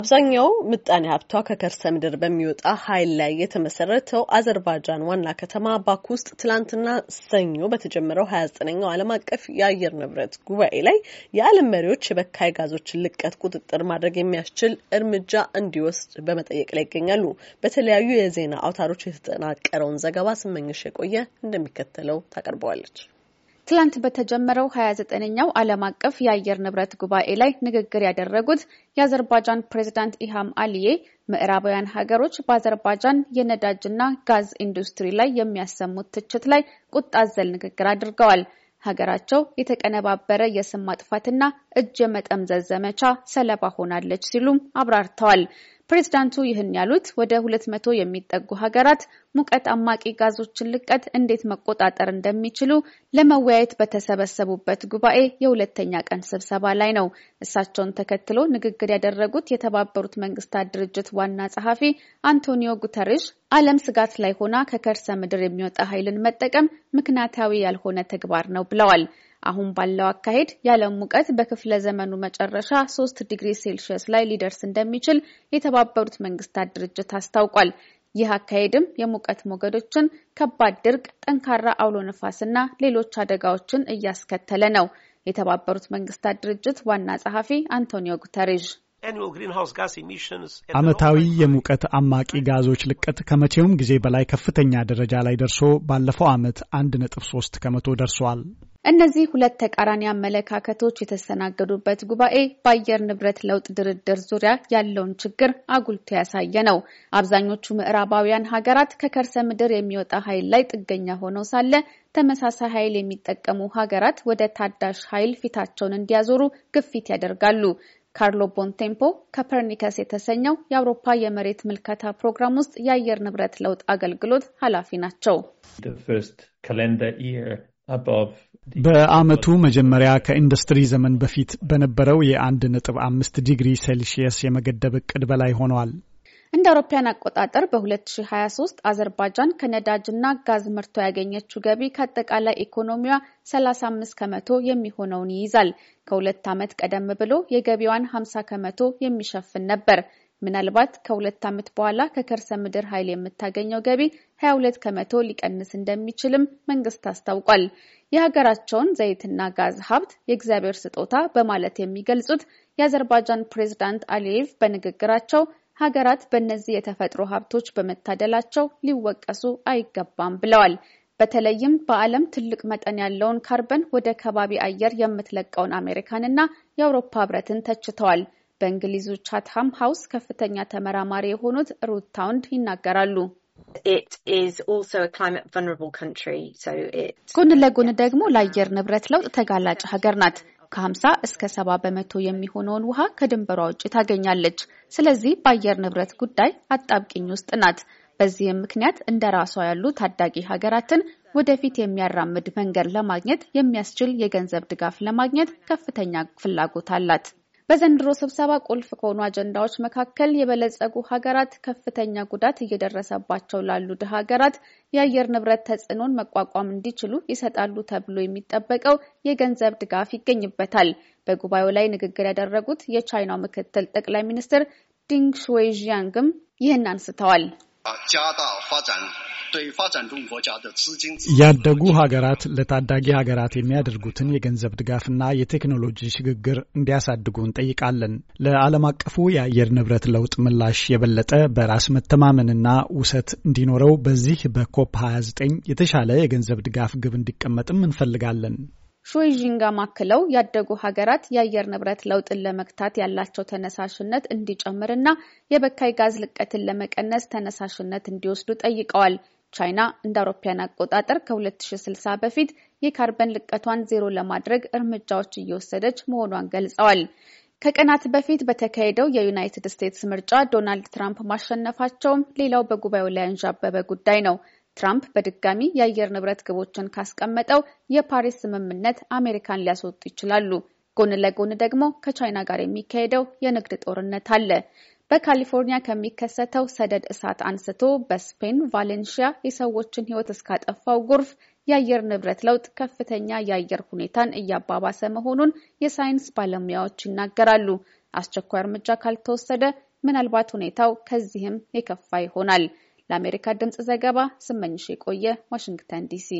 አብዛኛው ምጣኔ ሀብቷ ከከርሰ ምድር በሚወጣ ኃይል ላይ የተመሰረተው አዘርባጃን ዋና ከተማ ባኩ ውስጥ ትላንትና ሰኞ በተጀመረው ሀያ ዘጠነኛው ዓለም አቀፍ የአየር ንብረት ጉባኤ ላይ የዓለም መሪዎች የበካይ ጋዞችን ልቀት ቁጥጥር ማድረግ የሚያስችል እርምጃ እንዲወስድ በመጠየቅ ላይ ይገኛሉ። በተለያዩ የዜና አውታሮች የተጠናቀረውን ዘገባ ስመኝሽ የቆየ እንደሚከተለው ታቀርበዋለች። ትላንት በተጀመረው 29ኛው ዓለም አቀፍ የአየር ንብረት ጉባኤ ላይ ንግግር ያደረጉት የአዘርባጃን ፕሬዚዳንት ኢሃም አሊዬ ምዕራባውያን ሀገሮች በአዘርባጃን የነዳጅና ጋዝ ኢንዱስትሪ ላይ የሚያሰሙት ትችት ላይ ቁጣ አዘል ንግግር አድርገዋል። ሀገራቸው የተቀነባበረ የስም ማጥፋትና እጅ የመጠምዘዝ ዘመቻ ሰለባ ሆናለች ሲሉም አብራርተዋል። ፕሬዝዳንቱ ይህን ያሉት ወደ ሁለት መቶ የሚጠጉ ሀገራት ሙቀት አማቂ ጋዞችን ልቀት እንዴት መቆጣጠር እንደሚችሉ ለመወያየት በተሰበሰቡበት ጉባኤ የሁለተኛ ቀን ስብሰባ ላይ ነው። እሳቸውን ተከትሎ ንግግር ያደረጉት የተባበሩት መንግስታት ድርጅት ዋና ጸሐፊ አንቶኒዮ ጉተርሽ ዓለም ስጋት ላይ ሆና ከከርሰ ምድር የሚወጣ ኃይልን መጠቀም ምክንያታዊ ያልሆነ ተግባር ነው ብለዋል። አሁን ባለው አካሄድ የዓለም ሙቀት በክፍለ ዘመኑ መጨረሻ ሶስት ዲግሪ ሴልሺየስ ላይ ሊደርስ እንደሚችል የተባበሩት መንግስታት ድርጅት አስታውቋል። ይህ አካሄድም የሙቀት ሞገዶችን፣ ከባድ ድርቅ፣ ጠንካራ አውሎ ነፋስና ሌሎች አደጋዎችን እያስከተለ ነው። የተባበሩት መንግስታት ድርጅት ዋና ጸሐፊ አንቶኒዮ ጉተሬዥ ዓመታዊ የሙቀት አማቂ ጋዞች ልቀት ከመቼውም ጊዜ በላይ ከፍተኛ ደረጃ ላይ ደርሶ ባለፈው ዓመት 1.3 ከመቶ ደርሷል። እነዚህ ሁለት ተቃራኒ አመለካከቶች የተስተናገዱበት ጉባኤ በአየር ንብረት ለውጥ ድርድር ዙሪያ ያለውን ችግር አጉልቶ ያሳየ ነው። አብዛኞቹ ምዕራባውያን ሀገራት ከከርሰ ምድር የሚወጣ ኃይል ላይ ጥገኛ ሆነው ሳለ ተመሳሳይ ኃይል የሚጠቀሙ ሀገራት ወደ ታዳሽ ኃይል ፊታቸውን እንዲያዞሩ ግፊት ያደርጋሉ። ካርሎ ቦንቴምፖ ከፐርኒከስ የተሰኘው የአውሮፓ የመሬት ምልከታ ፕሮግራም ውስጥ የአየር ንብረት ለውጥ አገልግሎት ኃላፊ ናቸው። በዓመቱ መጀመሪያ ከኢንዱስትሪ ዘመን በፊት በነበረው የአንድ ነጥብ አምስት ዲግሪ ሴልሺየስ የመገደብ እቅድ በላይ ሆኗል። እንደ አውሮፓያን አቆጣጠር በ2023 አዘርባጃን ከነዳጅና ጋዝ ምርቷ ያገኘችው ገቢ ከአጠቃላይ ኢኮኖሚዋ 35 ከመቶ የሚሆነውን ይይዛል። ከሁለት ዓመት ቀደም ብሎ የገቢዋን 50 ከመቶ የሚሸፍን ነበር። ምናልባት ከሁለት ዓመት በኋላ ከከርሰ ምድር ኃይል የምታገኘው ገቢ 22 ከመቶ ሊቀንስ እንደሚችልም መንግስት አስታውቋል። የሀገራቸውን ዘይትና ጋዝ ሀብት የእግዚአብሔር ስጦታ በማለት የሚገልጹት የአዘርባይጃን ፕሬዝዳንት አሊየቭ በንግግራቸው ሀገራት በእነዚህ የተፈጥሮ ሀብቶች በመታደላቸው ሊወቀሱ አይገባም ብለዋል። በተለይም በዓለም ትልቅ መጠን ያለውን ካርበን ወደ ከባቢ አየር የምትለቀውን አሜሪካንና የአውሮፓ ህብረትን ተችተዋል። በእንግሊዙ ቻትሃም ሀውስ ከፍተኛ ተመራማሪ የሆኑት ሩት ታውንድ ይናገራሉ። ጎን ለጎን ደግሞ ለአየር ንብረት ለውጥ ተጋላጭ ሀገር ናት ከሀምሳ እስከ ሰባ በመቶ የሚሆነውን ውሃ ከድንበሯ ውጭ ታገኛለች። ስለዚህ በአየር ንብረት ጉዳይ አጣብቂኝ ውስጥ ናት። በዚህም ምክንያት እንደ ራሷ ያሉ ታዳጊ ሀገራትን ወደፊት የሚያራምድ መንገድ ለማግኘት የሚያስችል የገንዘብ ድጋፍ ለማግኘት ከፍተኛ ፍላጎት አላት። በዘንድሮ ስብሰባ ቁልፍ ከሆኑ አጀንዳዎች መካከል የበለጸጉ ሀገራት ከፍተኛ ጉዳት እየደረሰባቸው ላሉ ድሃ ሀገራት የአየር ንብረት ተጽዕኖን መቋቋም እንዲችሉ ይሰጣሉ ተብሎ የሚጠበቀው የገንዘብ ድጋፍ ይገኝበታል። በጉባኤው ላይ ንግግር ያደረጉት የቻይናው ምክትል ጠቅላይ ሚኒስትር ዲንግ ሽዌይዥያንግም ይህን አንስተዋል። ያደጉ ሀገራት ለታዳጊ ሀገራት የሚያደርጉትን የገንዘብ ድጋፍና የቴክኖሎጂ ሽግግር እንዲያሳድጉ እንጠይቃለን። ለዓለም አቀፉ የአየር ንብረት ለውጥ ምላሽ የበለጠ በራስ መተማመንና ውሰት እንዲኖረው በዚህ በኮፕ 29 የተሻለ የገንዘብ ድጋፍ ግብ እንዲቀመጥም እንፈልጋለን። ሹይዥንጋ ማክለው ያደጉ ሀገራት የአየር ንብረት ለውጥን ለመግታት ያላቸው ተነሳሽነት እንዲጨምርና የበካይ ጋዝ ልቀትን ለመቀነስ ተነሳሽነት እንዲወስዱ ጠይቀዋል። ቻይና እንደ አውሮፓያን አቆጣጠር ከ2060 በፊት የካርበን ልቀቷን ዜሮ ለማድረግ እርምጃዎች እየወሰደች መሆኗን ገልጸዋል። ከቀናት በፊት በተካሄደው የዩናይትድ ስቴትስ ምርጫ ዶናልድ ትራምፕ ማሸነፋቸውም ሌላው በጉባኤው ላይ አንዣበበ ጉዳይ ነው። ትራምፕ በድጋሚ የአየር ንብረት ግቦችን ካስቀመጠው የፓሪስ ስምምነት አሜሪካን ሊያስወጡ ይችላሉ። ጎን ለጎን ደግሞ ከቻይና ጋር የሚካሄደው የንግድ ጦርነት አለ። በካሊፎርኒያ ከሚከሰተው ሰደድ እሳት አንስቶ በስፔን ቫሌንሺያ የሰዎችን ሕይወት እስካጠፋው ጎርፍ የአየር ንብረት ለውጥ ከፍተኛ የአየር ሁኔታን እያባባሰ መሆኑን የሳይንስ ባለሙያዎች ይናገራሉ። አስቸኳይ እርምጃ ካልተወሰደ ምናልባት ሁኔታው ከዚህም የከፋ ይሆናል። ለአሜሪካ ድምፅ ዘገባ ስመኝሽ የቆየ ዋሽንግተን ዲሲ።